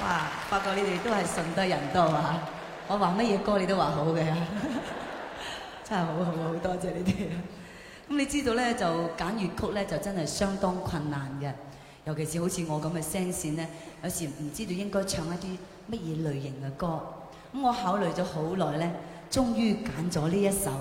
哇！發覺你哋都係順德人多啊！我話乜嘢歌你都話好嘅，啊，真係好好好多謝你哋。咁你知道咧，就揀粵曲咧，就真係相當困難嘅。尤其是好似我咁嘅聲線咧，有時唔知道應該唱一啲乜嘢類型嘅歌。咁我考慮咗好耐咧，終於揀咗呢一首。